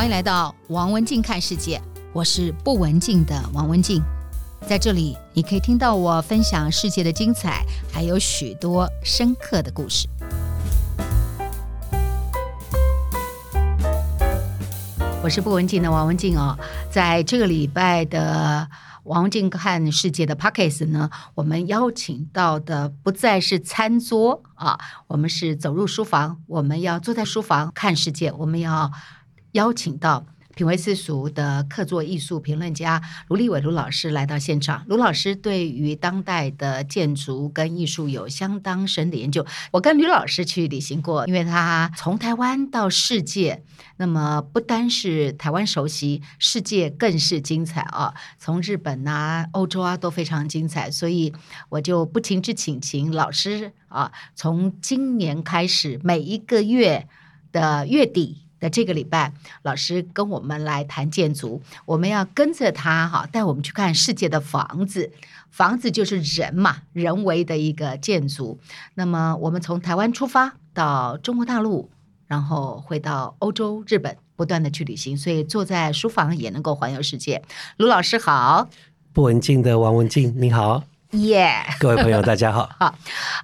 歡迎來到王文靜看世界，我是不文靜的王文靜，在這裡你可以聽到我分享世界的精彩，還有許多深刻的故事。我是不文靜的王文靜哦，在這個禮拜的王文靜看世界的 Podcast 呢，我們邀請到的不再是餐桌啊，我們是走入書房，我們要坐在書房看世界，我們要。邀請到品味私塾的客座藝術評論家盧立偉盧老師來到現場。盧老師對於當代的建築跟藝術有相當深的研究。我跟盧老師去旅行過，因為他從台灣到世界，那麼不單是台灣熟悉，世界更是精彩啊！從日本啊、歐洲啊都非常精彩，所以我就不情之請，請老師啊，從今年開始，每一個月的月底。那這個禮拜，老師跟我們來談建築，我們要跟着他哈，帶我們去看世界的房子。房子就是人嘛，人為的一個建築。那麼我們從台灣出發，到中國大陸，然後回到歐洲、日本，不斷的去旅行，所以坐在書房也能夠環遊世界。盧老師好，不文靜的王文靜，你好，耶、yeah. 各位朋友，大家好，好，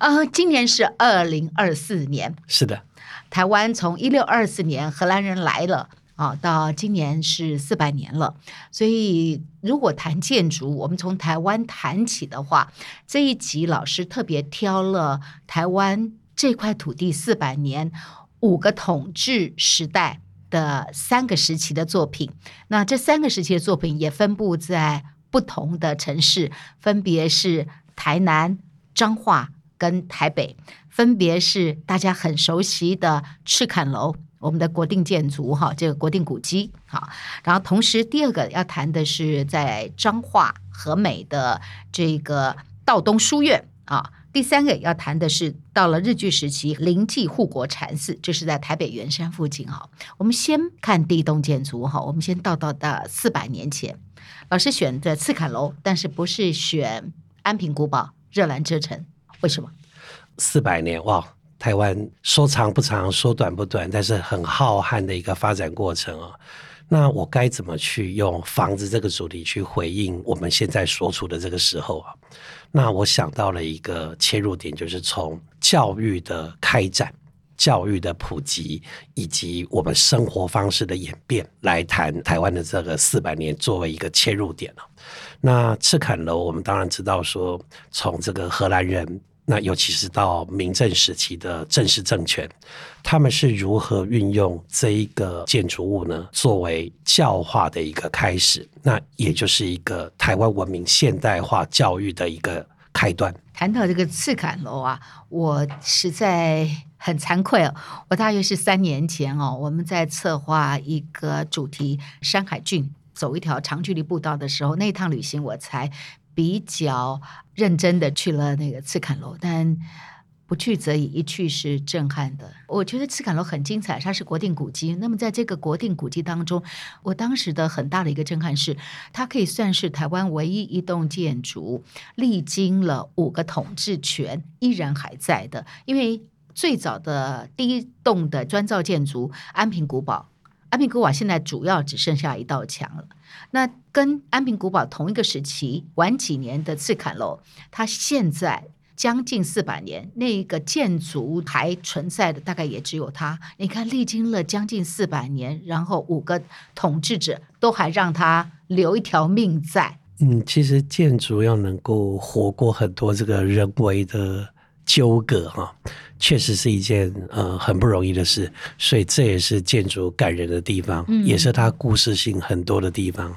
呃，今年是二零二四年，是的。台灣從一六二四年荷蘭人來了啊，到今年是四百年了。所以，如果談建築，我們從台灣談起的話，這一集老師特別挑了台灣這塊土地四百年五個統治時代的三個時期的作品。那這三個時期的作品也分布在不同的城市，分別是台南、彰化跟台北。分別是大家很熟悉的赤崁樓，我們的國定建築哈，這個國定古蹟哈，然後同時第二個要談的是在彰化和美的這個道東書院啊。第三個要談的是到了日據時期臨濟護國禪寺，這，就是在台北圓山附近哈。我們先看第一棟建築哈，我們先到到的四百年前。老師選的赤崁樓，但是不是選安平古堡熱蘭遮城？為什麼？四百年，哇，台灣說長不長，說短不短，但是很浩瀚的一個發展過程哦，啊，那我該怎麼去用房子這個主題去回應我們現在所處的這個時候啊？那我想到了一個切入點，就是從教育的開展、教育的普及，以及我們生活方式的演變來談台灣的這個四百年，作為一個切入點啊。那赤崁樓，我們當然知道說從這個荷蘭人。那尤其是到明鄭時期的正式政權，他們是如何運用這一個建築物呢？作為教化的一個開始，那也就是一個台灣文明現代化教育的一個開端。談到這個赤崁樓啊，我實在很慚愧哦。我大約是三年前哦，我們在策劃一個主題山海郡，走一條長距離步道的時候，那一趟旅行我才比較。認真的去了那個赤崁樓，但不去則已，一去是震撼的。我覺得赤崁樓很精彩，它是國定古蹟。那麼在這個國定古蹟當中，我當時的很大的一個震撼是，它可以算是台灣唯一一棟建築歷經了五個統治權依然還在的。因為最早的第一棟的磚造建築安平古堡。安平古堡現在主要只剩下一道牆了。那跟安平古堡同一個時期，晚幾年的赤崁樓，它現在將近四百年，那個建築還存在的大概也只有它。你看，歷經了將近四百年，然後五個統治者都還讓它留一條命在。嗯，其實建築要能夠活過很多這個人為的。糾葛哈、哦，確實是一件呃很不容易的事，所以這也是建築感人的地方，嗯、也是它故事性很多的地方。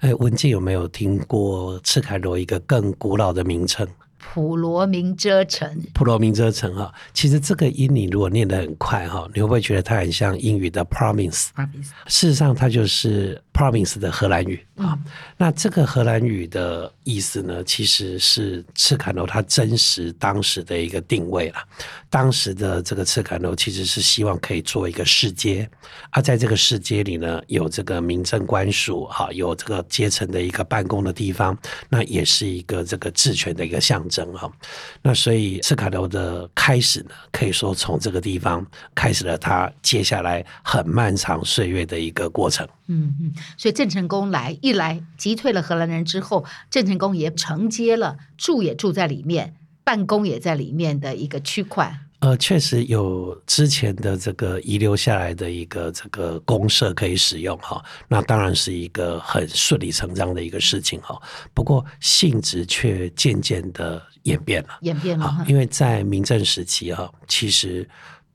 哎，文靜有沒有聽過赤崁樓一個更古老的名稱——普羅明遮城？普羅明遮城啊、哦，其實這個音你如果念得很快哈、哦，你會不會覺得它很像英語的 promise、嗯。promise，事實上它就是。province 的荷蘭語啊、嗯，那這個荷蘭語的意思呢，其實是赤崁樓它真實當時的一個定位了、啊。當時的這個赤崁樓其實是希望可以做一個市街，啊，在這個市街裡呢，有這個民政官署，哈，有這個階層的一個辦公的地方，那也是一個這個治權的一個象徵啊。那所以赤崁樓的開始呢，可以說從這個地方開始了他接下來很漫長歲月的一個過程。嗯嗯，所以鄭成功來一來擊退了荷蘭人之後，鄭成功也承接了住也住在裡面，辦公也在裡面的一個區塊。呃，確實有之前的這個遺留下來的一個這個公社可以使用哈，那當然是一個很順理成章的一個事情哈。不過性質卻漸漸的演變了，演變了，因為在明鄭時期哈，其實。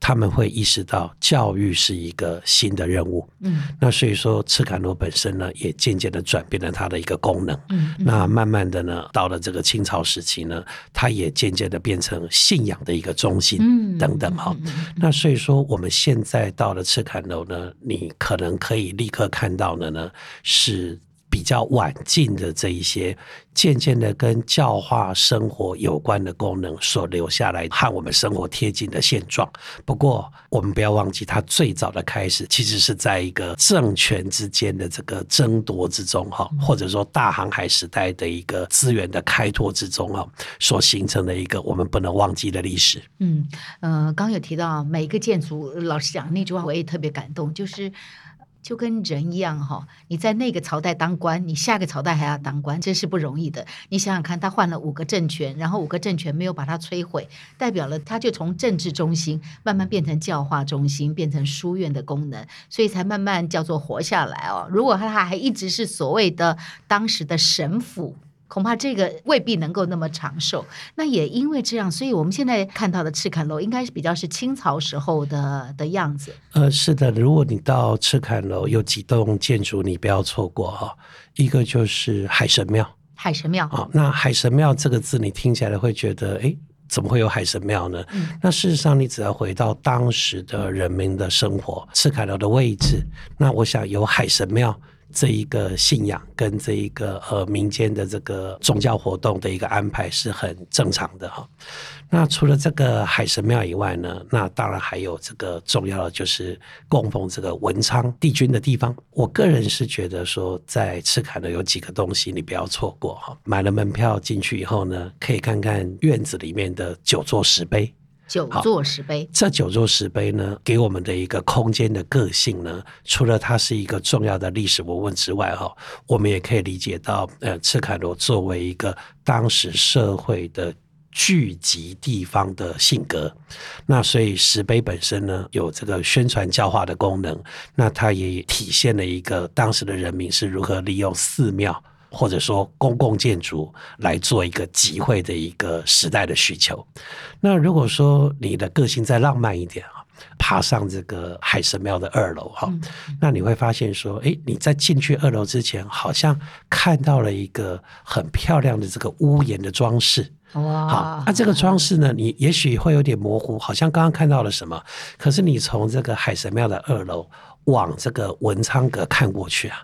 他們會意識到教育是一個新的任務，嗯，那所以說赤崁樓本身呢，也漸漸地轉變了它的一個功能。嗯，嗯，那慢慢的呢，到了這個清朝時期呢，它也漸漸地變成信仰的一個中心，嗯，等等哈、嗯嗯嗯，那所以說我們現在到了赤崁樓呢，你可能可以立刻看到的呢是。比較晚近的這一些，漸漸的跟教化生活有關的功能所留下來和我們生活貼近的現狀。不過，我們不要忘記，它最早的開始其實是在一個政權之間的這個爭奪之中，哈，或者說大航海時代的一個資源的開拓之中啊，所形成的一個我們不能忘記的歷史。嗯，呃，剛有提到每一個建築，老師講那句話，我也特別感動，就是。就跟人一樣哈、哦，你在那個朝代當官，你下個朝代還要當官，這是不容易的。你想想看，他換了五個政權，然後五個政權沒有把他摧毀，代表了他就從政治中心慢慢變成教化中心，變成書院的功能，所以才慢慢叫做活下來哦。如果他還一直是所謂的當時的神府，恐怕這個未必能夠那麼長壽。那也因為這樣，所以我們現在看到的赤崁樓應該是比較是清朝時候的的樣子。呃，是的，如果你到赤崁樓，有幾棟建築你不要錯過哈、哦。一個就是海神廟，海神廟。哦，那海神廟這個字你聽起來會覺得，誒，怎麼會有海神廟呢？嗯、那事實上，你只要回到當時的人民的生活，赤崁樓的位置，那我想有海神廟，這一個信仰跟這一個呃民間的這個宗教活動的一個安排是很正常的哈、哦。那除了這個海神廟以外呢，那當然還有這個重要的就是供奉這個文昌帝君的地方。我個人是覺得說，在赤崁的有幾個東西你不要錯過哈、哦。買了門票進去以後呢，可以看看院子裡面的九座石碑。九座石碑，這九座石碑呢，給我們的一個空間的個性呢，除了它是一個重要的歷史文物之外，哈，我們也可以理解到，呃，赤崁樓作為一個當時社會的聚集地方的性格，那所以石碑本身呢，有這個宣傳教化的功能，那它也體現了一個當時的人民是如何利用寺廟。或者說公共建築來做一個集會的一個時代的需求。那如果說你的個性再浪漫一點啊，爬上這個海神廟的二樓哈、嗯，那你會發現說，哎，你在進去二樓之前，好像看到了一個很漂亮的這個屋檐的裝飾哇。好，那、啊、這個裝飾呢，你也許會有點模糊，好像剛剛看到了什麼。可是你從這個海神廟的二樓往這個文昌閣看過去啊。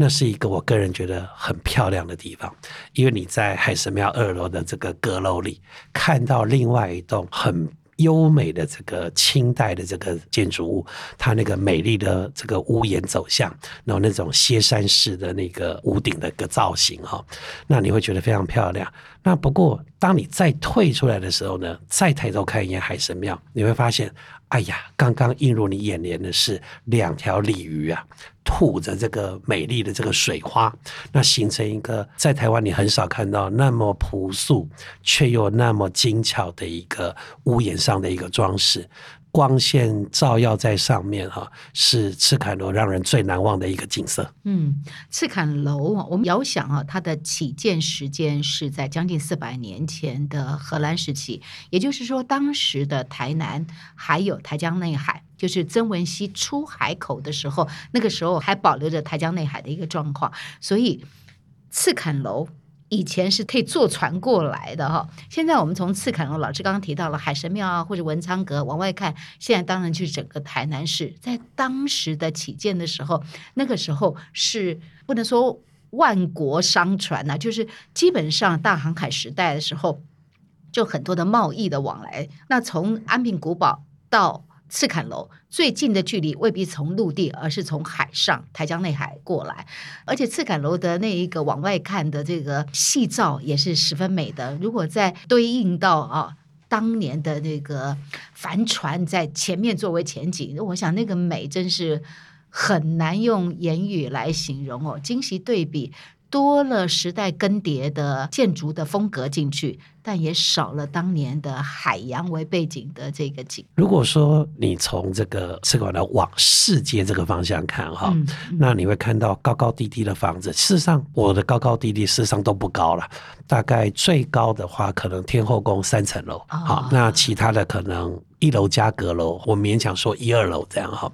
那是一個我個人覺得很漂亮的地方，因為你在海神廟二樓的這個閣樓裡，看到另外一棟很優美的這個清代的這個建築物，它那個美麗的這個屋檐走向，然後那種歇山式的那個屋頂的一個造型哈，那你會覺得非常漂亮。那不過當你再退出來的時候呢，再抬頭看一眼海神廟，你會發現。哎呀，剛剛映入你眼簾的是兩條鯉魚啊，吐着這個美麗的這個水花，那形成一個在台灣你很少看到那麼樸素卻又那麼精巧的一個屋檐上的一個裝飾。光線照耀在上面，啊，哈，是赤崁樓讓人最難忘的一個景色。嗯，赤崁樓我們遙想啊，它的起建時間是在將近四百年前的荷蘭時期，也就是說，當時的台南還有台江內海，就是曾文溪出海口的時候，那個時候還保留着台江內海的一個狀況，所以赤崁樓。以前是可以坐船過來的哈。現在我們從赤崁樓老師剛剛提到了海神廟啊，或者文昌閣往外看，現在當然就是整個台南市。在當時的起建的時候，那個時候是不能說萬國商船吶、啊，就是基本上大航海時代的時候，就很多的貿易的往來。那從安平古堡到赤崁樓最近的距離未必從陸地，而是從海上台江內海過來，而且赤崁樓的那一個往外看的這個夕照也是十分美的。如果再對應到啊當年的那個帆船，在前面作為前景，我想那個美真是很難用言語來形容哦。今昔對比。多了時代更迭的建築的風格進去，但也少了當年的海洋為背景的這個景。如果說你從這個赤崁樓往市街這個方向看哈、嗯，那你會看到高高低低的房子。嗯、事實上，我的高高低低事實上都不高了，大概最高的話可能天後宮三層樓、哦。好，那其他的可能。一樓加閣樓，我勉強說一二樓這樣哈，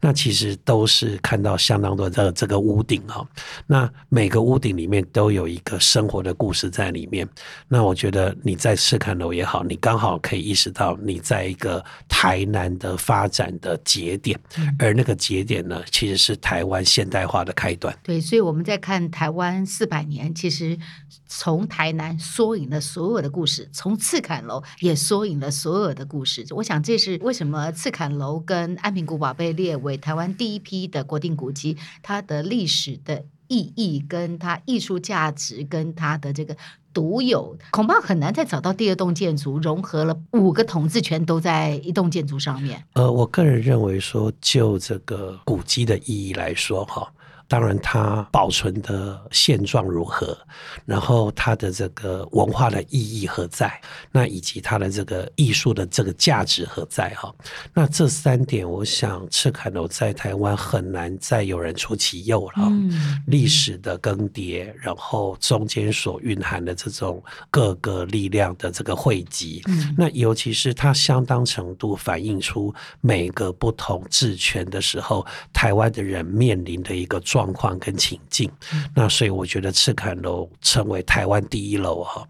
那其實都是看到相當多的這個屋頂哈，那每個屋頂裡面都有一個生活的故事在裡面。那我覺得你在赤崁樓也好，你剛好可以意識到你在一個台南的發展的節點，嗯、而那個節點呢，其實是台灣現代化的開端。對，所以我們在看台灣四百年，其實。從台南縮影了所有的故事，從赤崁樓也縮影了所有的故事。我想，這是為什麼赤崁樓跟安平古堡被列為台灣第一批的國定古蹟，它的歷史的意義、跟它藝術價值、跟它的這個獨有，恐怕很難再找到第二棟建築，融合了五個統治權都在一棟建築上面。呃，我個人認為說，就這個古蹟的意義來說，哈。當然，它保存的現狀如何，然後它的這個文化的意義何在，那以及它的這個藝術的這個價值何在哈？那這三點，我想赤崁樓在台灣很難再有人出其右了，嗯。歷史的更迭，然後中間所蘊含的這種各個力量的這個匯集，嗯、那尤其是它相當程度反映出每個不同治權的時候，台灣的人面臨的一個狀態。狀況跟情境，那所以我覺得赤崁樓成為台灣第一樓哈、啊，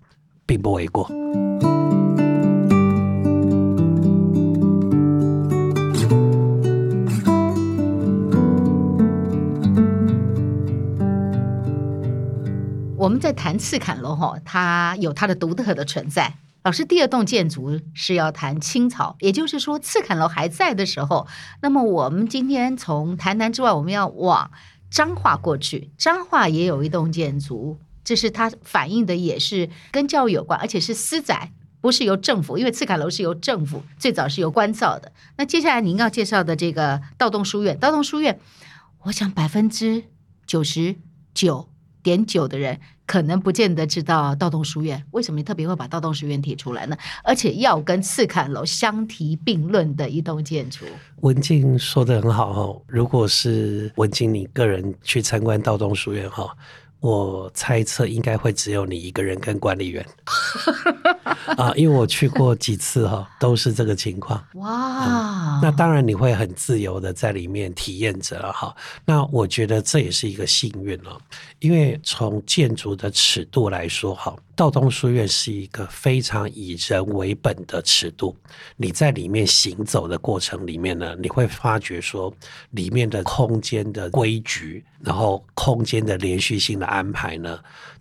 並不為過。嗯、我們在談赤崁樓哈，它有它的獨特的存在。老師，第二棟建築是要談清朝，也就是說赤崁樓還在的時候，那麼我們今天從台南之外，我們要往。彰化過去，彰化也有一棟建築，這是它反映的也是跟教育有關，而且是私宅，不是由政府，因為赤崁樓是由政府最早是由官造的。那接下來您要介紹的這個道東書院，道東書院，我想百分之九十九點九的人。可能不見得知道道東書院，為什麼你特別會把道東書院提出來呢？而且要跟赤崁樓相提並論的一棟建築。文靜說的很好哦，如果是文靜你個人去參觀道東書院哈。我猜測應該會只有你一個人跟管理員啊，因為我去過幾次哈，都是這個情況。哇，那當然你會很自由的在裡面體驗着了哈。那我覺得這也是一個幸運了，因為從建築的尺度來說哈。道東書院是一個非常以人為本的尺度。你在裡面行走的過程裡面呢，你會發覺說，裡面的空間的規矩，然後空間的連續性的安排呢，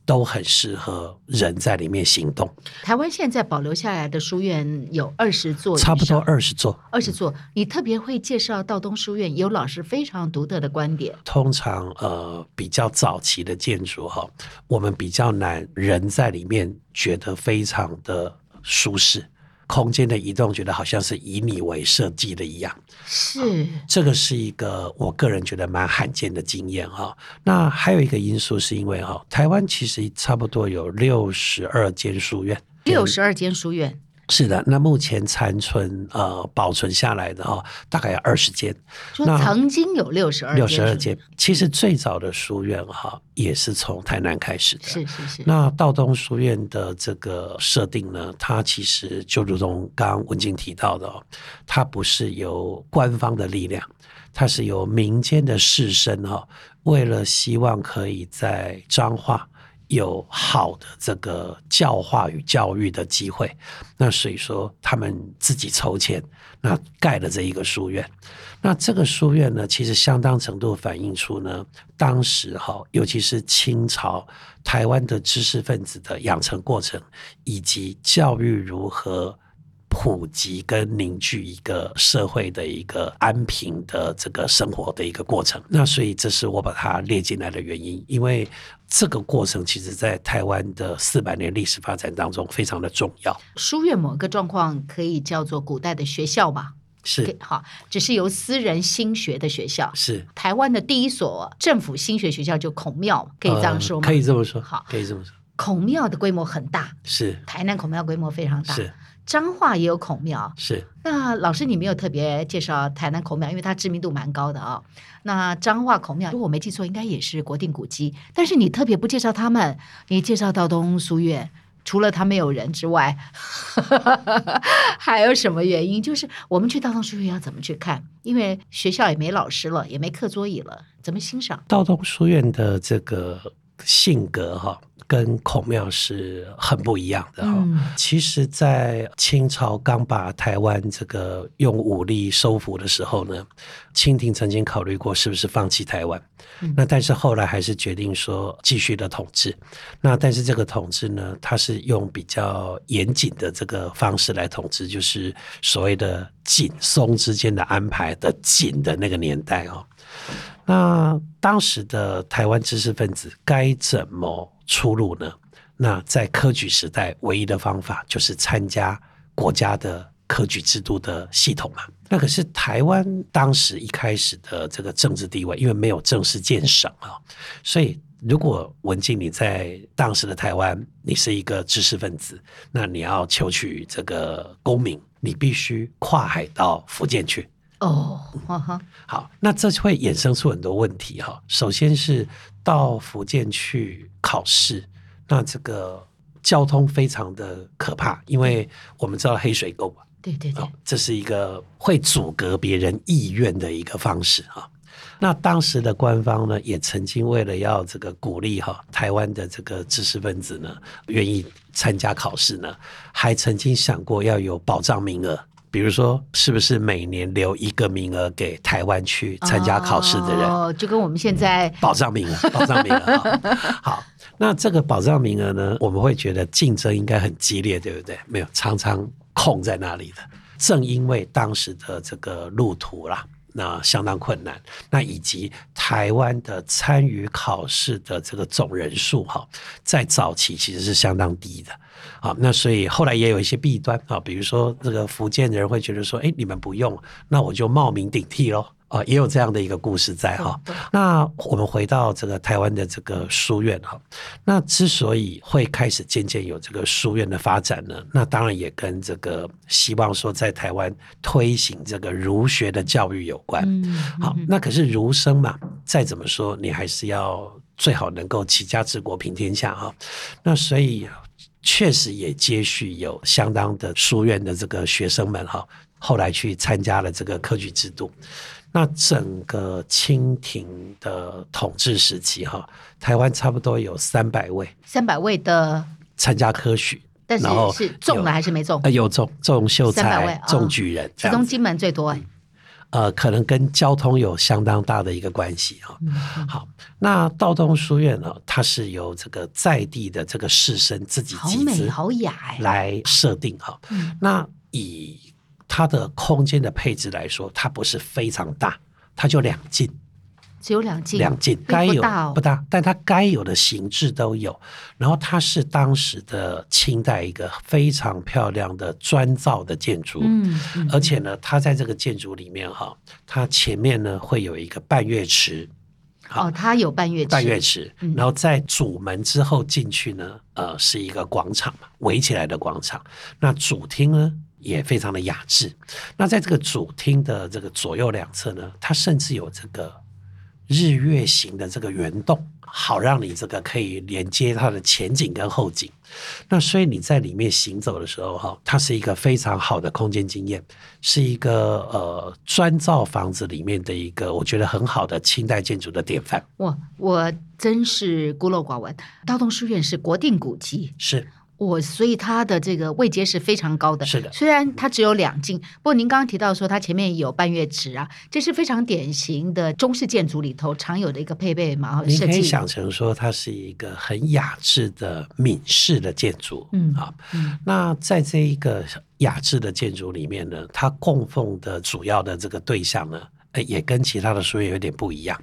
都很適合人在裡面行動。台灣現在保留下來的書院有二十座，差不多二十座，二十座、嗯。你特別會介紹道東書院，有老師非常獨特的觀點。通常呃，比較早期的建築哈，我們比較難人在裡面覺得非常的舒適。空間的移動，覺得好像是以你為設計的一樣，是、哦、這個是一個我個人覺得蠻罕見的經驗哈、哦。那還有一個因素是因為哈、哦，台灣其實差不多有六十二間書院，六十二間書院。嗯是的，那目前殘存呃保存下來的哈、哦，大概有二十間。說曾經有六十二六十二間，間，其實最早的書院哈、哦、也是從台南開始的。是是是。那道東書院的這個設定呢，它其實就如同剛剛文靜提到的哦，它不是由官方的力量，它是由民間的士紳哈、哦，為了希望可以在彰化有好的這個教化與教育的機會，那所以說他們自己籌錢，那蓋了這一個書院。那這個書院呢，其實相當程度反映出呢，當時哈，尤其是清朝台灣的知識分子的養成過程以及教育如何普及跟凝聚一個社會的一個安平的這個生活的一個過程，那所以這是我把它列進來的原因，因為這個過程其實在台灣的四百年歷史發展當中非常的重要。書院某一個狀況可以叫做古代的學校吧？是，好，只是由私人興學的學校。是，台灣的第一所政府興學學校就孔廟，可以這樣說嗎？呃，可以這麼說，好，可以這麼說。孔廟的規模很大，是，台南孔廟規模非常大。是。彰化也有孔廟，是。那老師你沒有特別介紹台南孔廟，因為它知名度蠻高的啊、哦。那彰化孔廟，如果我沒記錯，應該也是國定古蹟。但是你特別不介紹他們，你介紹道東書院，除了他沒有人之外呵呵呵，還有什麼原因？就是我們去道東書院要怎麼去看？因為學校也沒老師了，也沒課桌椅了，怎麼欣賞？道東書院的這個。性格哈、哦，跟孔廟是很不一樣的哈、哦嗯。其實，在清朝剛把台灣這個用武力收服的時候呢，清廷曾經考慮過是不是放棄台灣、嗯，那但是後來還是決定說繼續的統治。那但是這個統治呢，它是用比較嚴謹的這個方式來統治，就是所謂的緊鬆之間的安排的緊的那個年代哈、哦。那當時的台灣知識分子該怎麼出路呢？那在科舉時代，唯一的方法就是參加國家的科舉制度的系統嘛。那可是台灣當時一開始的這個政治地位，因為沒有正式建省啊、哦，所以如果文靜你在當時的台灣，你是一個知識分子，那你要求取這個功名，你必須跨海到福建去。哦，哈哈，好，那這會衍生出很多問題哈。首先是到福建去考試，那這個交通非常的可怕，因為我們知道黑水溝嘛，對對對，這是一個會阻隔別人意願的一個方式啊。那當時的官方呢，也曾經為了要這個鼓勵哈台灣的這個知識分子呢，願意參加考試呢，還曾經想過要有保障名額。比如說，是不是每年留一個名額給台灣去參加考試的人？哦，就跟我們現在、嗯、保障名額，保障名額、哦。 好，那這個保障名額呢？我們會覺得競爭應該很激烈，對不對？沒有，常常空在那裡的。正因為當時的這個路途啦。那相當困難，那以及台灣的參與考試的這個總人數哈，在早期其實是相當低的啊，那所以後來也有一些弊端啊，比如說這個福建的人會覺得說，哎、欸，你們不用，那我就冒名頂替嘍。啊，也有這樣的一個故事在哈、嗯。那我們回到這個台灣的這個書院哈，那之所以會開始漸漸有這個書院的發展呢，那當然也跟這個希望說在台灣推行這個儒學的教育有關。嗯嗯、好，那可是儒生嘛，再怎麼說你還是要最好能夠齊家治國平天下哈，那所以確實也接續有相當的書院的這個學生們哈，後來去參加了這個科舉制度。那整個清廷的統治時期、啊，哈，台灣差不多有三百位，三百位的參加科舉，然後但是是中了還是沒中？呃、有中中秀才、哦、中舉人，其中金門最多、嗯。呃，可能跟交通有相當大的一個關係哈、啊嗯，好，那道東書院呢、啊，它是由這個在地的這個士紳自己集資來定好、好雅來設定哈、啊嗯。那以。它的空間的配置來說，它不是非常大，它就兩進，只有兩進，兩進、哦、該有不大，但它該有的形制都有。然後它是當時的清代一個非常漂亮的磚造的建築、嗯嗯，而且呢，它在這個建築裡面哈、哦，它前面呢會有一個半月池，哦，它有半月池半月池、嗯，然後在主門之後進去呢，呃，是一個廣場嘛，圍起來的廣場。那主廳呢？也非常的雅致。那在這個主廳的這個左右兩側呢，它甚至有這個日月形的這個圓洞，好讓你這個可以連接它的前景跟後景。那所以你在裡面行走的時候，哈，它是一個非常好的空間經驗，是一個呃磚造房子裡面的一個我覺得很好的清代建築的典範。我我真是孤陋寡聞。道東書院是國定古蹟，是。我、oh, 所以它的這個位階是非常高的，是的。雖然它只有兩進、嗯，不過您剛剛提到說它前面有半月池啊，這是非常典型的中式建築裡頭常有的一個配備嘛。您可以想成說它是一個很雅致的閩式的建築，嗯啊嗯。那在這一個雅致的建築裡面呢，它供奉的主要的這個對象呢，呃，也跟其他的書院有點不一樣，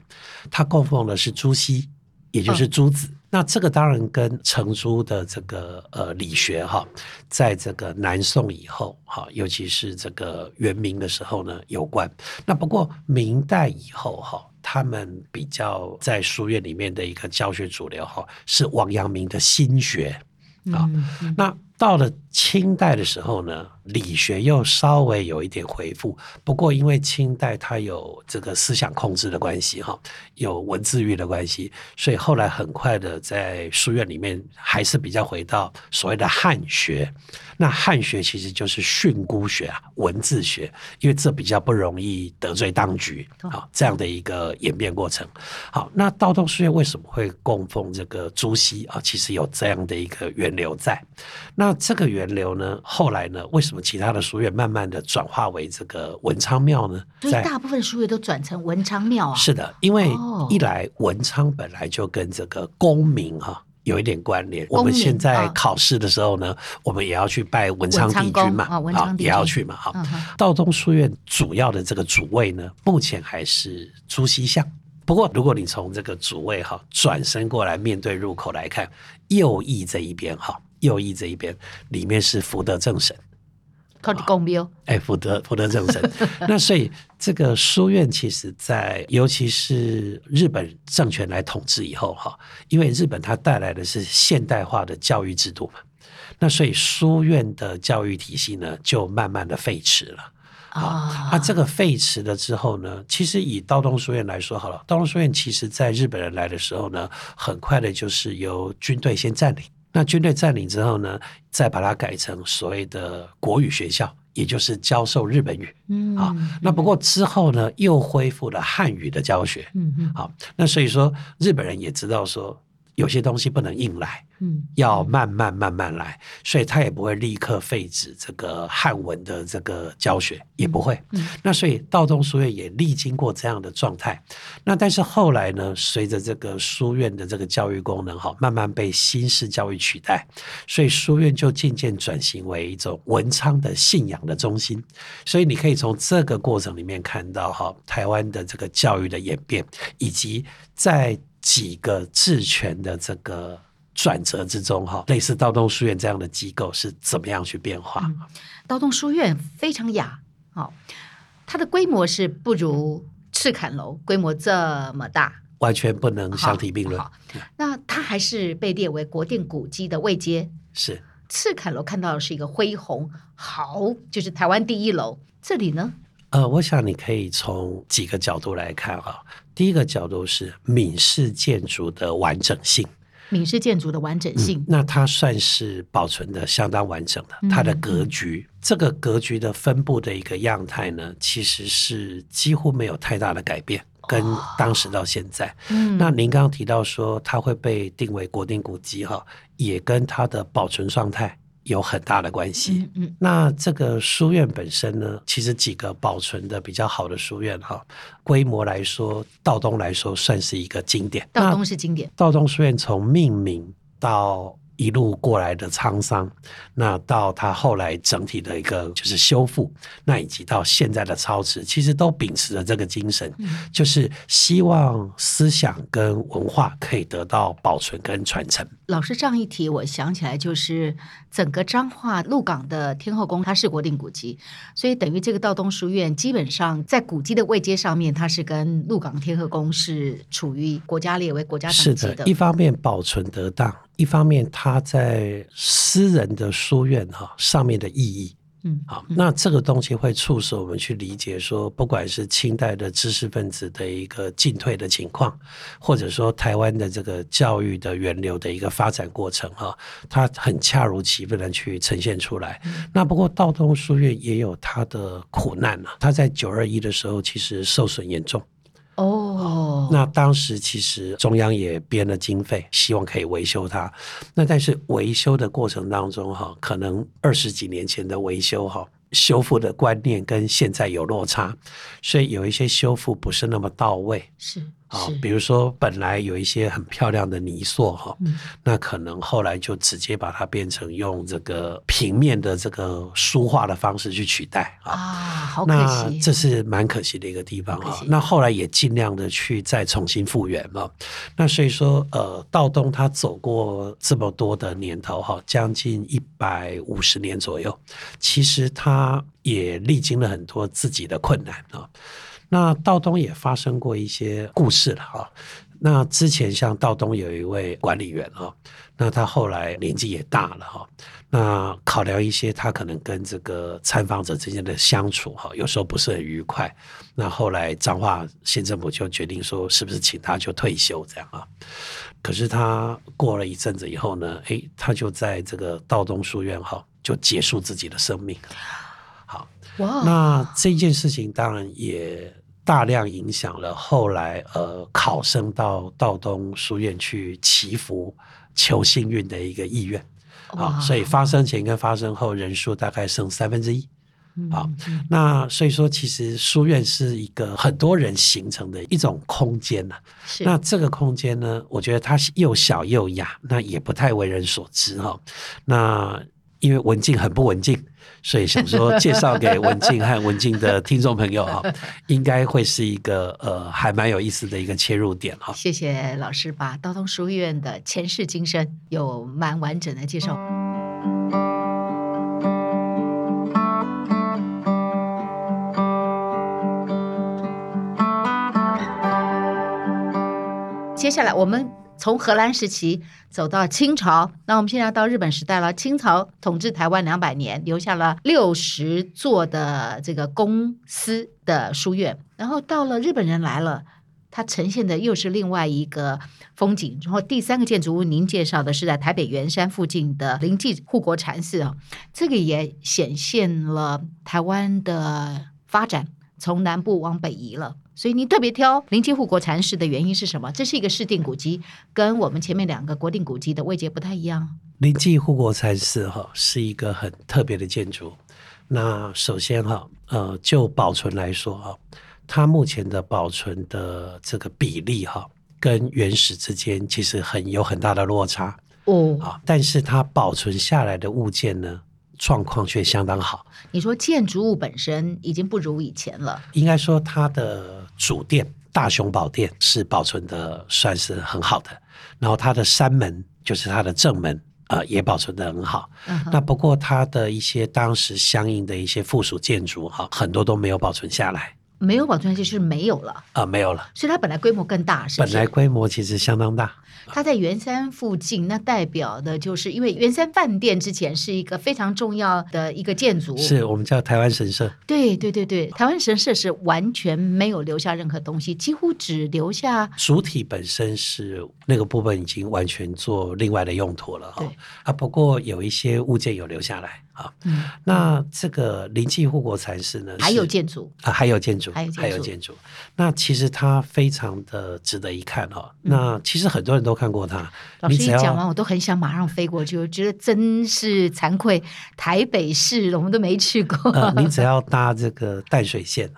它供奉的是朱熹，也就是朱子。哦那這個當然跟程朱的這個呃理學哈，在這個南宋以後哈，尤其是這個元明的時候呢，有關。那不過明代以後哈，他們比較在書院裡面的一個教學主流哈，是王陽明的心學啊。嗯嗯。那到了清代的時候呢，理學又稍微有一點恢復。不過因為清代它有這個思想控制的關係哈，有文字獄的關係，所以後來很快的在書院裡面還是比較回到所謂的漢學。那漢學其實就是訓诂學啊，文字學，因為這比較不容易得罪當局啊，這樣的一個演變過程。好，那道東書院為什麼會供奉這個朱熹啊？其實有這樣的一個源流在那。那這個源流呢，後來呢，為什麼其他的書院慢慢的轉化為這個文昌廟呢？所以大部分書院都轉成文昌廟啊。是的，因為一來文昌本來就跟這個功名哈有一點關聯。我們現在考試的時候呢、啊，我們也要去拜文昌帝君嘛，文昌啊、文昌君也要去嘛。哈、嗯，道東書院主要的這個主位呢，目前還是朱熹像。不過如果你從這個主位哈、啊、轉身過來面對入口來看，右翼這一邊哈、啊。右翼這一邊，裡面是福德正神、嗯，哎，福德福德正神。 那所以這個書院，其實在尤其是日本政權來統治以後哈，因為日本它帶來的是現代化的教育制度嘛，那所以書院的教育體系呢，就慢慢的廢弛了、哦、啊。那這個廢弛了之後呢，其實以道東書院來說好了，道東書院其實在日本人來的時候呢，很快的就是由軍隊先占領。那軍隊占領之後呢，再把它改成所謂的國語學校，也就是教授日本語。啊、嗯，那不過之後呢，又恢復了漢語的教學。啊、嗯，好，那所以說日本人也知道說。有些東西不能硬來，嗯，要慢慢慢慢來，所以他也不會立刻廢止這個漢文的這個教學，也不會，嗯，那所以道東書院也歷經過這樣的狀態，那但是後來呢，隨着這個書院的這個教育功能哈，慢慢被新式教育取代，所以書院就漸漸轉型為一種文昌的信仰的中心，所以你可以從這個過程裡面看到哈，台灣的這個教育的演變以及在。幾個治權的這個轉折之中、哦，哈，類似道東書院這樣的機構是怎麼樣去變化？嗯、道東書院非常雅、哦，它的規模是不如赤崁樓規模這麼大，完全不能相提並論。嗯、那它還是被列為國定古蹟的位階，是赤崁樓看到的是一個恢弘好，就是台灣第一樓。這裡呢，呃，我想你可以從幾個角度來看、哦，哈。第一個角度是閩式建築的完整性，閩式建築的完整性、嗯，那它算是保存的相當完整的，它的格局，嗯、這個格局的分布的一個樣態呢，其實是幾乎沒有太大的改變，跟當時到現在。嗯、哦，那您剛剛提到說它會被定為國定古蹟哈，也跟它的保存狀態。有很大的關係。嗯。嗯，那這個書院本身呢，其實幾個保存的比較好的書院哈，規模來說，道東來說算是一個經典。道東是經典。道東書院從命名到。一路過來的滄桑，那到他後來整體的一個就是修復，那以及到現在的操持，其實都秉持着這個精神，嗯、就是希望思想跟文化可以得到保存跟傳承。老師這樣一提，我想起來就是整個彰化鹿港的天後宮，它是國定古蹟，所以等於這個道東書院基本上在古蹟的位階上面，它是跟鹿港天後宮是處於國家，列為國家等級的。是的，一方面保存得當。一方面，他在私人的書院哈上面的意義，嗯，好、嗯，那這個東西會促使我們去理解說，不管是清代的知識分子的一個進退的情況，或者說台灣的這個教育的源流的一個發展過程哈，它很恰如其分的去呈現出來、嗯。那不過道東書院也有它的苦難啊，它在九二一的時候其實受損嚴重。哦，那當時其實中央也編了經費，希望可以維修它。那但是維修的過程當中哈，可能二十幾年前的維修哈，修復的觀念跟現在有落差，所以有一些修復不是那麼到位。是。啊，比如說本來有一些很漂亮的泥塑哈，那可能後來就直接把它變成用這個平面的這個書畫的方式去取代啊。啊，好可惜，那這是蠻可惜的一個地方啊。那後來也盡量的去再重新復原嘛，嗯。那所以說，呃，道東他走過這麼多的年頭哈，將近一百五十年左右，其實他也歷經了很多自己的困難啊。那道東也發生過一些故事了哈。那之前像道東有一位管理員啊，那他後來年紀也大了哈。那考量，一些他可能跟這個參訪者之間的相處哈，有時候不是很愉快。那後來彰化縣政府就決定說，是不是請他就退休這樣啊？可是他過了一陣子以後呢，哎、欸，他就在這個道東書院哈，就結束自己的生命。Wow. 那這件事情當然也大量影響了後來呃考生到道東書院去祈福求幸運的一個意願啊、wow. 哦，所以發生前跟發生後人數大概剩三分之一啊、mm -hmm. 哦。那所以說，其實書院是一個很多人形成的一種空間呢、啊。Mm -hmm. 那這個空間呢，我覺得它又小又雅，那也不太為人所知哈、哦。那因為文靜很不文靜，所以想說介紹給文靜和文靜的聽眾朋友啊， 應該會是一個呃，還蠻有意思的一個切入點啊。謝謝老師把道東書院的前世今生有蠻完整的介紹。接下來我們。從荷蘭時期走到清朝，那我們現在到日本時代了。清朝統治台灣兩百年，留下了六十座的這個公私的書院。然後到了日本人來了，它呈現的又是另外一個風景。然後第三個建築物，您介紹的是在台北圓山附近的臨濟護國禪寺啊，這個也顯現了台灣的發展從南部往北移了。所以你特別挑臨濟護國禪寺的原因是什麼？這是一個市定古蹟，跟我們前面兩個國定古蹟的位階不太一樣。臨濟護國禪寺哈，是一個很特別的建築。那首先哈，呃，就保存來說哈，它目前的保存的這個比例哈，跟原始之間其實很有很大的落差哦啊，但是它保存下來的物件呢，狀況卻相當好。你說建築物本身已經不如以前了，應該說它的。主殿大雄寶殿是保存的算是很好的，然後它的山門就是它的正門，呃，也保存的很好，嗯。那不過它的一些當時相應的一些附屬建築哈、呃，很多都沒有保存下來，沒有保存下來就是沒有了啊、呃，沒有了。所以它本來規模更大，是是本來規模其實相當大。它在圓山附近，那代表的就是因為圓山飯店之前是一個非常重要的一個建築，是我們叫台灣神社。對對對對，台灣神社是完全沒有留下任何東西，幾乎只留下主體本身，是那個部分已經完全做另外的用途了。對啊，不過有一些物件有留下來啊、嗯。那這個臨濟護國禪寺呢，還有建築啊，還有建築，還有建築，還有建築。那其實它非常的值得一看哦、嗯。那其實很多人都。看過他，老師一講完我都很想馬上飛過去，我覺得真是慚愧。台北市我們都沒去過，呃、你只要搭這個淡水線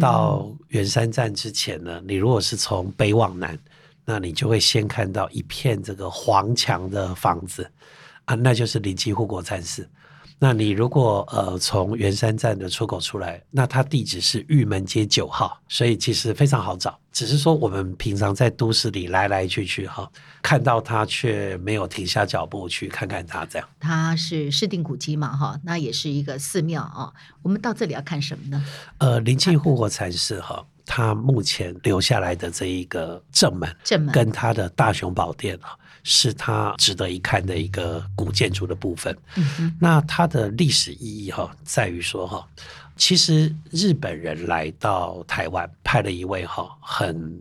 到圓山站之前呢，嗯、你如果是從北往南，那你就會先看到一片這個黃牆的房子啊、呃，那就是臨濟護國禪寺。那你如果呃從圓山站的出口出來，那它地址是玉門街九號，所以其實非常好找。只是說我們平常在都市裡來來去去哈，看到它卻沒有停下腳步去看看它，這樣。它是市定古蹟嘛哈，那也是一個寺廟啊。我們到這裡要看什麼呢？呃，臨濟護國禪寺哈，它目前留下來的這一個正門，正門跟它的大雄寶殿啊。是他值得一看的一個古建築的部分。嗯、那它的歷史意義哈、哦，在於說哈、哦，其實日本人來到台灣，派了一位哈，很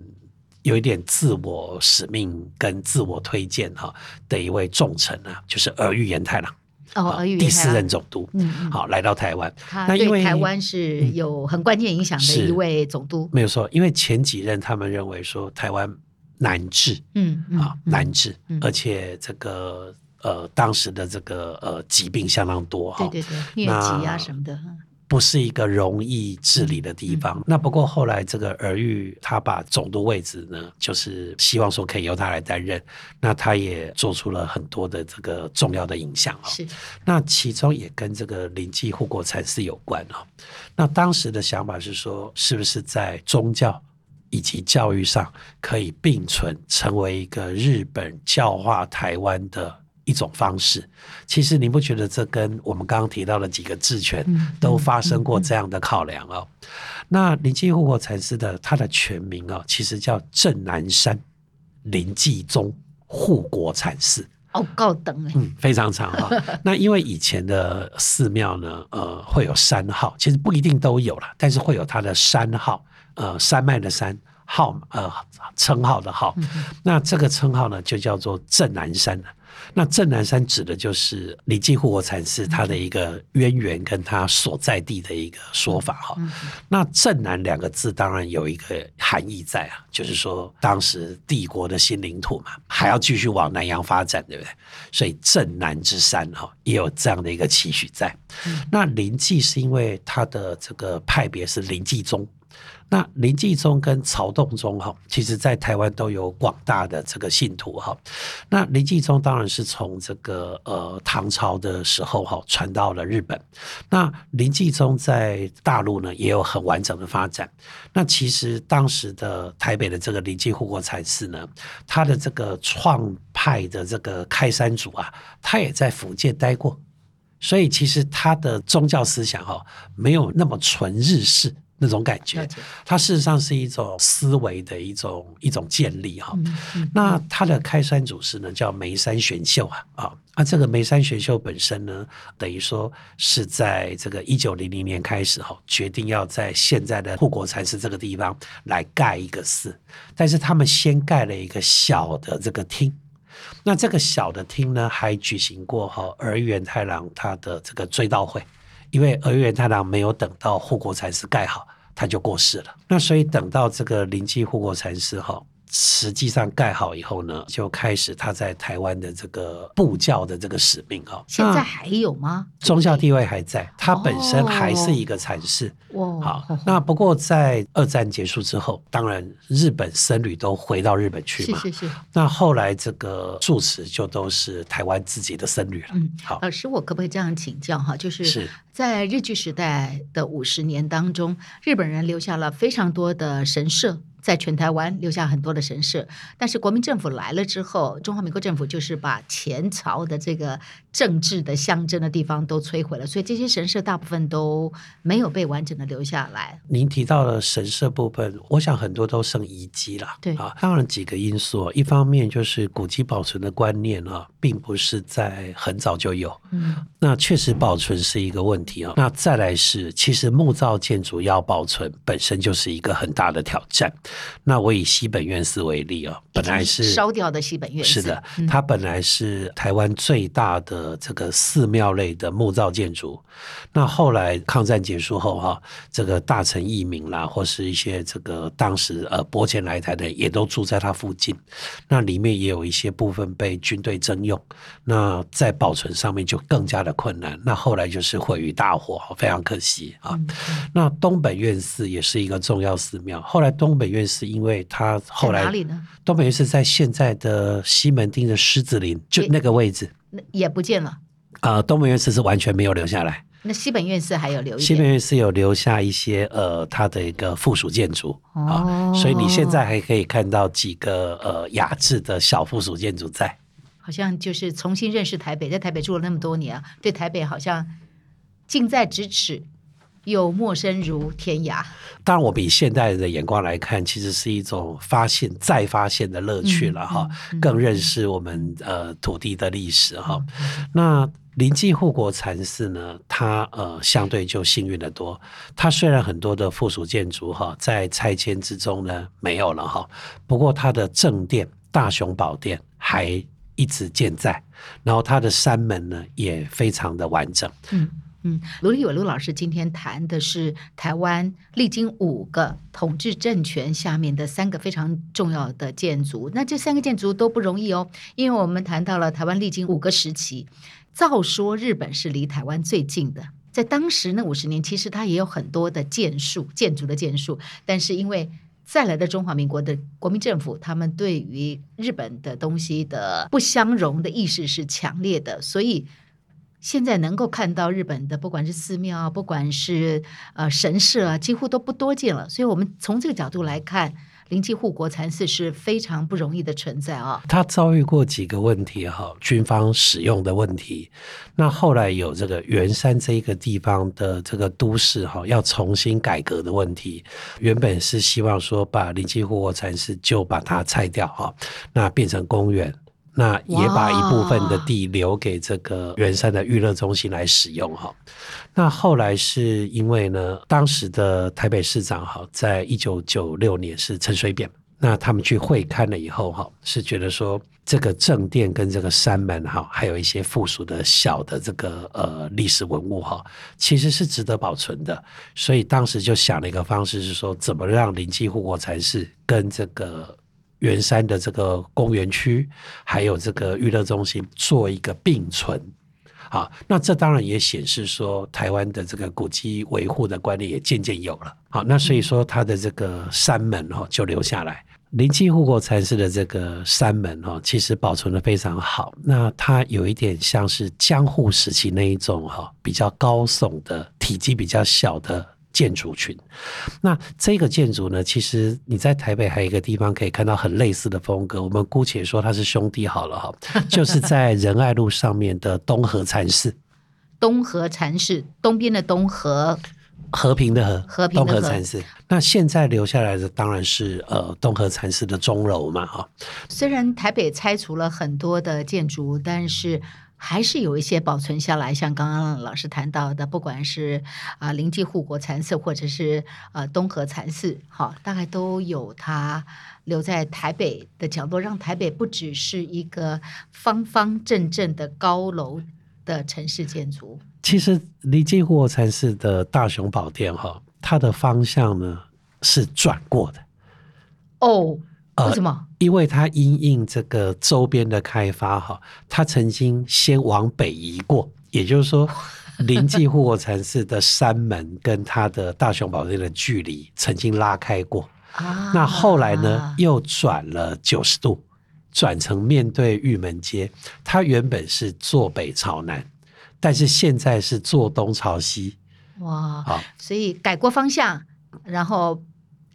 有一點自我使命跟自我推薦哈、哦、的一位重臣啊，就是兒玉源太郎哦、啊兒玉，第四任總督，好、嗯嗯、來到台灣，那因為台灣是有很關鍵影響的一位總督，有總督嗯、沒有錯，因為前幾任他們認為說台灣。難治，嗯啊、嗯，難治，而且這個呃，當時的這個呃疾病相當多哈，對對對，瘧疾啊什麼的，不是一個容易治理的地方。嗯嗯、那不過後來這個兒玉他把總督位置呢，就是希望說可以由他來擔任，那他也做出了很多的這個重要的影響啊。是，那其中也跟這個臨濟護國禪寺有關啊。那當時的想法是說，是不是在宗教，以及教育上可以並存，成為一個日本教化台灣的一種方式。其實，你不覺得這跟我們剛剛提到的幾個治權都發生過這樣的考量哦？嗯嗯嗯、那臨濟護國禪寺的他的全名哦，其實叫鎮南山臨濟護國禪寺。哦，夠長，欸，嗯，非常長哈，哦， 那因為以前的寺廟呢，呃，會有山號，其實不一定都有了，但是會有他的山號。呃，山脈的山號，呃，稱號的號，嗯、那這個稱號呢，就叫做鎮南山。那鎮南山指的就是臨濟護國禪寺，它的一個淵源跟它所在地的一個說法哈、嗯。那鎮南兩個字當然有一個含義在啊，就是說當時帝國的新領土嘛，還要繼續往南洋發展，對不對？所以鎮南之山哈、啊，也有這樣的一個期許在。嗯、那臨濟是因為它的這個派別是臨濟宗。那臨濟宗跟曹洞宗哈，其實在台灣都有廣大的這個信徒哈。那臨濟宗當然是從這個呃唐朝的時候哈傳到了日本。那臨濟宗在大陸呢，也有很完整的發展。那其實當時的台北的這個臨濟護國禪寺呢，他的這個創派的這個開山祖啊，他也在福建待過，所以其實他的宗教思想哈沒有那麼純日式。那種感覺，它事實上是一種思維的一種一種建立哈、嗯嗯。那它的開山祖師呢，叫梅山玄秀啊啊。那這個梅山玄秀本身呢，等於說是在這個一九零零年開始哈，決定要在現在的護國禪寺這個地方來蓋一個寺，但是他們先蓋了一個小的這個廳。那這個小的廳呢，還舉行過哈兒玉源太郎他的這個追悼會，因為兒玉源太郎沒有等到護國禪寺蓋好。他就過世了，那所以等到這個臨濟護國禪寺哈。實際上蓋好以後呢，就開始他在台灣的這個布教的這個使命、哦、啊。現在還有嗎？宗教地位還在，他、哦、本身還是一個禪寺，哦。好，好，那不過在二戰結束之後，當然日本僧侶都回到日本去嘛。謝謝。那後來這個住持就都是台灣自己的僧侶了。嗯，好。老師，我可不可以這樣請教哈？就是在日據時代的五十年當中，日本人留下了非常多的神社。在全台灣留下很多的神社，但是國民政府來了之後，中華民國政府就是把前朝的這個。政治的象徵的地方都摧毀了，所以這些神社大部分都沒有被完整的留下來。您提到了神社部分，我想很多都剩遺跡了。對啊，當然幾個因素，一方面就是古蹟保存的觀念啊，並不是在很早就有。嗯，那確實保存是一個問題啊。那再來是，其實木造建築要保存本身就是一個很大的挑戰。那我以西本願寺為例啊，本來是燒掉的西本願寺，是的，嗯、它本來是台灣最大的。呃，這個寺廟類的木造建築，那後來抗戰結束後哈，這個大臣義民啦，或是一些這個當時呃播遷來台的，也都住在它附近。那裡面也有一些部分被軍隊徵用，那在保存上面就更加的困難。那後來就是毀於大火，非常可惜啊、嗯。那東本願寺也是一個重要寺廟，後來東本願寺因為他後來在哪裡呢？東本願寺在現在的西門町的獅子林，就那個位置。欸那也不見了啊、呃！東本願寺是完全沒有留下來。那西本願寺還有留？下西本願寺有留下一些呃，他的一個附屬建築、哦啊、所以你現在還可以看到幾個呃雅致的小附屬建築在。好像就是重新認識台北，在台北住了那麼多年、啊，對台北好像近在咫尺。又陌生如天涯。當然，我比現代的眼光來看，其實是一種發現、再發現的樂趣了哈、嗯嗯。更認識我們呃土地的歷史哈、嗯。那臨濟護國禪寺呢，它呃相對就幸運得多。它雖然很多的附屬建築哈在拆遷之中呢沒有了哈，不過它的正殿大雄寶殿還一直健在，然後它的山門呢也非常的完整。嗯。嗯，盧立偉盧老師今天談的是台灣歷經五個統治政權下面的三個非常重要的建築。那這三個建築都不容易哦，因為我們談到了台灣歷經五個時期。照說日本是離台灣最近的，在當時那五十年，其實它也有很多的建樹，建築的建樹。但是因為再來的中華民國的國民政府，他們對於日本的東西的不相容的意識是強烈的，所以。現在能夠看到日本的不、啊，不管是寺廟，不管是呃神社啊，幾乎都不多見了。所以，我們從這個角度來看，臨濟護國禪寺是非常不容易的存在啊。他遭遇過幾個問題哈，軍方使用的問題。那後來有這個圓山這個地方的這個都市哈，要重新改革的問題。原本是希望說把臨濟護國禪寺就把它拆掉哈，那變成公園。那也把一部分的地留給這個圓山的娛樂中心來使用哈。Wow. 那後來是因為呢，當時的台北市長哈，在一九九六年是陳水扁，那他們去會勘了以後哈，是覺得說這個正殿跟這個山門哈，還有一些附屬的小的這個呃歷史文物哈，其實是值得保存的，所以當時就想了一個方式，是說怎麼讓臨濟護國禪寺跟這個。圓山的這個公園區，還有這個娛樂中心做一個並存，好，那這當然也顯示說台灣的這個古蹟維護的觀念也漸漸有了。好，那所以說它的這個山門哦就留下來，臨濟護國禪寺的這個山門哦其實保存得非常好。那它有一點像是江戶時期那一種哈比較高聳的體積比較小的。建築群，那這個建築呢，其實你在台北還有一個地方可以看到很類似的風格，我們姑且說它是兄弟好了哈， 就是在仁愛路上面的東和禪寺。東和禪寺，東邊的東和和，和平的和，和平的和，禪寺。那現在留下來的當然是呃東和禪寺的鐘樓嘛哈。雖然台北拆除了很多的建築，但是。還是有一些保存下來，像剛剛老師談到的，不管是啊臨、呃、濟護國禪寺，或者是啊、呃、東河禪寺，哈、哦，大概都有它留在台北的角落，讓台北不只是一個方方正正的高樓的城市建築。其實臨濟護國禪寺的大雄寶殿哈，它的方向呢是轉過的。哦，為什麼？呃因為它因應這個周邊的開發哈，它曾經先往北移過，也就是說，臨濟護國禪寺的山門跟它的大雄寶殿的距離曾經拉開過、啊、那後來呢，又轉了九十度，轉成面對玉門街。它原本是坐北朝南，但是現在是坐東朝西。哇，哦、所以改過方向，然後。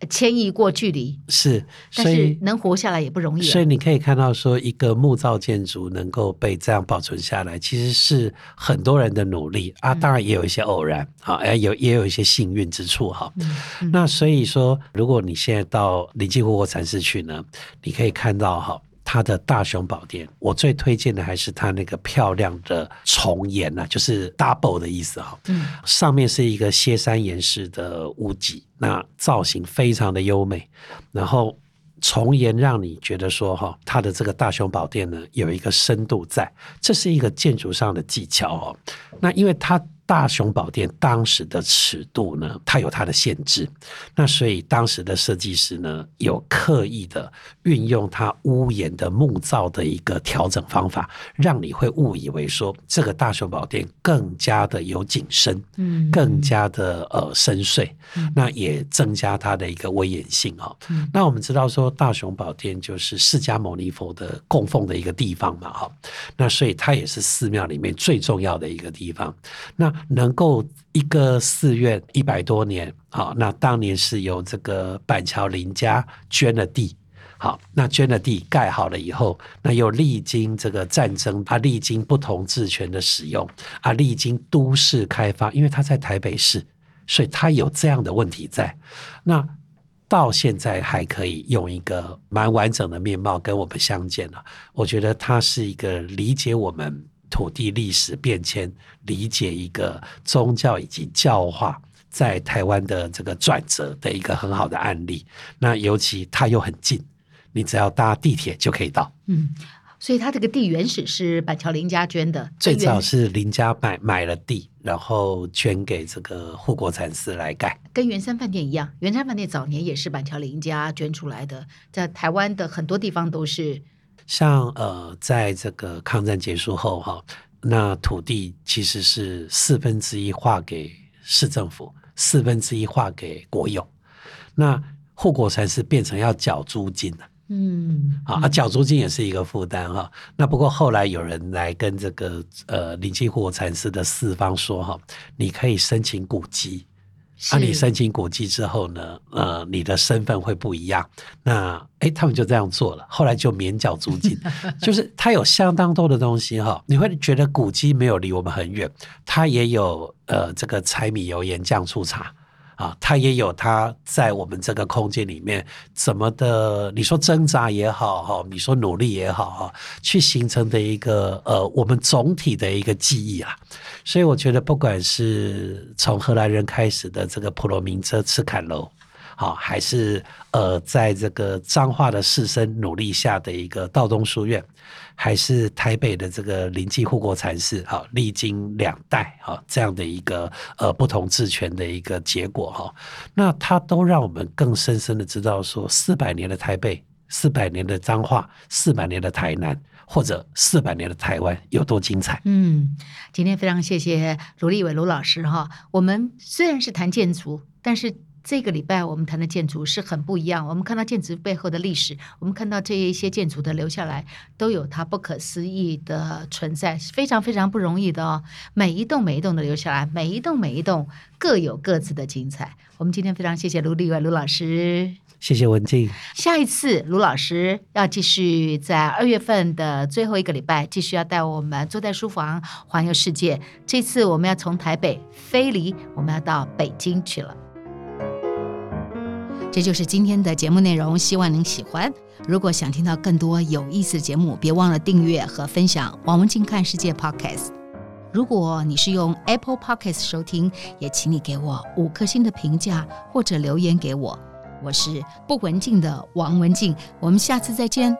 遷移過距離是，但是能活下來也不容易、啊。所以你可以看到，說一個木造建築能夠被這樣保存下來，其實是很多人的努力啊，當然也有一些偶然啊，哎、嗯，有也有一些幸運之處哈、嗯嗯。那所以說，如果你現在到臨濟護國禪寺去呢，你可以看到哈。它的大雄寶殿，我最推薦的還是它那個漂亮的重檐吶、啊，就是 double 的意思哈。嗯，上面是一個歇山岩式的屋脊，那造型非常的優美。然後重檐讓你覺得說哈、哦，它的這個大雄寶殿呢有一個深度在，這是一個建築上的技巧哦。那因為它。大雄寶殿當時的尺度呢，它有它的限制，那所以當時的設計師呢，有刻意的運用它屋檐的木造的一個調整方法，讓你會誤以為說這個大雄寶殿更加的有景深，更加的呃深邃，那也增加它的一個威嚴性哦、喔。那我們知道說大雄寶殿就是釋迦牟尼佛的供奉的一個地方嘛，哈，那所以它也是寺廟裡面最重要的一個地方，那。能夠一個寺院，一百多年，好，那當年是由這個板橋林家捐了地，好，那捐了地蓋好了以後，那又歷經這個戰爭，啊，歷經不同治權的使用，啊，歷經都市開發，因為它在台北市，所以它有這樣的問題在，那到現在還可以用一個蠻完整的面貌跟我們相見了，啊，我覺得它是一個理解我們。土地歷史變遷，理解一個宗教以及教化在台灣的這個轉折的一個很好的案例。那尤其它又很近，你只要搭地鐵就可以到。嗯，所以它這個地原始是板橋林家捐的，最早是林家買買了地，然後捐給這個護國禪寺來蓋。跟圓山飯店一樣，圓山飯店早年也是板橋林家捐出來的，在台灣的很多地方都是。像呃，在這個抗戰結束後哈，那土地其實是四分之一劃給市政府，四分之一劃給國有，那護國禪寺變成要繳租金了，嗯。嗯，啊，繳租金也是一個負擔哈。那不過後來有人來跟這個呃臨濟護國禪寺的四方說哈，你可以申請古蹟。那、啊、你申請古蹟之後呢，呃，你的身份會不一樣。那哎、欸，他們就這樣做了，後來就免繳租金， 就是它有相當多的東西哈。你會覺得古蹟沒有離我們很遠，它也有呃這個柴米油鹽醬醋茶。啊，他也有他在我們這個空間裡面怎麼的？你說掙扎也好哈，你說努力也好哈，去形成的一個呃，我們總體的一個記憶啊。所以我覺得，不管是從荷蘭人開始的這個普羅民遮赤崁樓。好，還是呃，在這個彰化的士紳努力下的一個道東書院，還是台北的這個臨濟護國禪寺，好，歷經兩代，好，這樣的一個呃不同治權的一個結果，哈，那它都讓我們更深深的知道說，四百年的台北，四百年的彰化，四百年的台南，或者四百年的台灣有多精彩。嗯，今天非常謝謝盧立偉盧老師哈，我們雖然是談建築，但是。這個禮拜我們談的建築是很不一樣。我們看到建築背後的歷史，我們看到這一些建築的留下來，都有它不可思議的存在，是非常非常不容易的哦。每一棟每一棟的留下來，每一棟每一棟各有各自的精彩。我們今天非常謝謝盧立偉盧老師。謝謝文靜。下一次盧老師要繼續在二月份的最後一個禮拜，繼續要帶我們坐在書房環遊世界。這次我們要從台北飛離，我們要到北京去了。這就是今天的節目內容，希望您喜歡。如果想聽到更多有意思的節目，別忘了訂閱和分享《王文靜看世界》Podcast。如果你是用 Apple Podcast 收聽，也請你給我五顆星的評價或者留言給我。我是不文靜的王文靜，我們下次再見。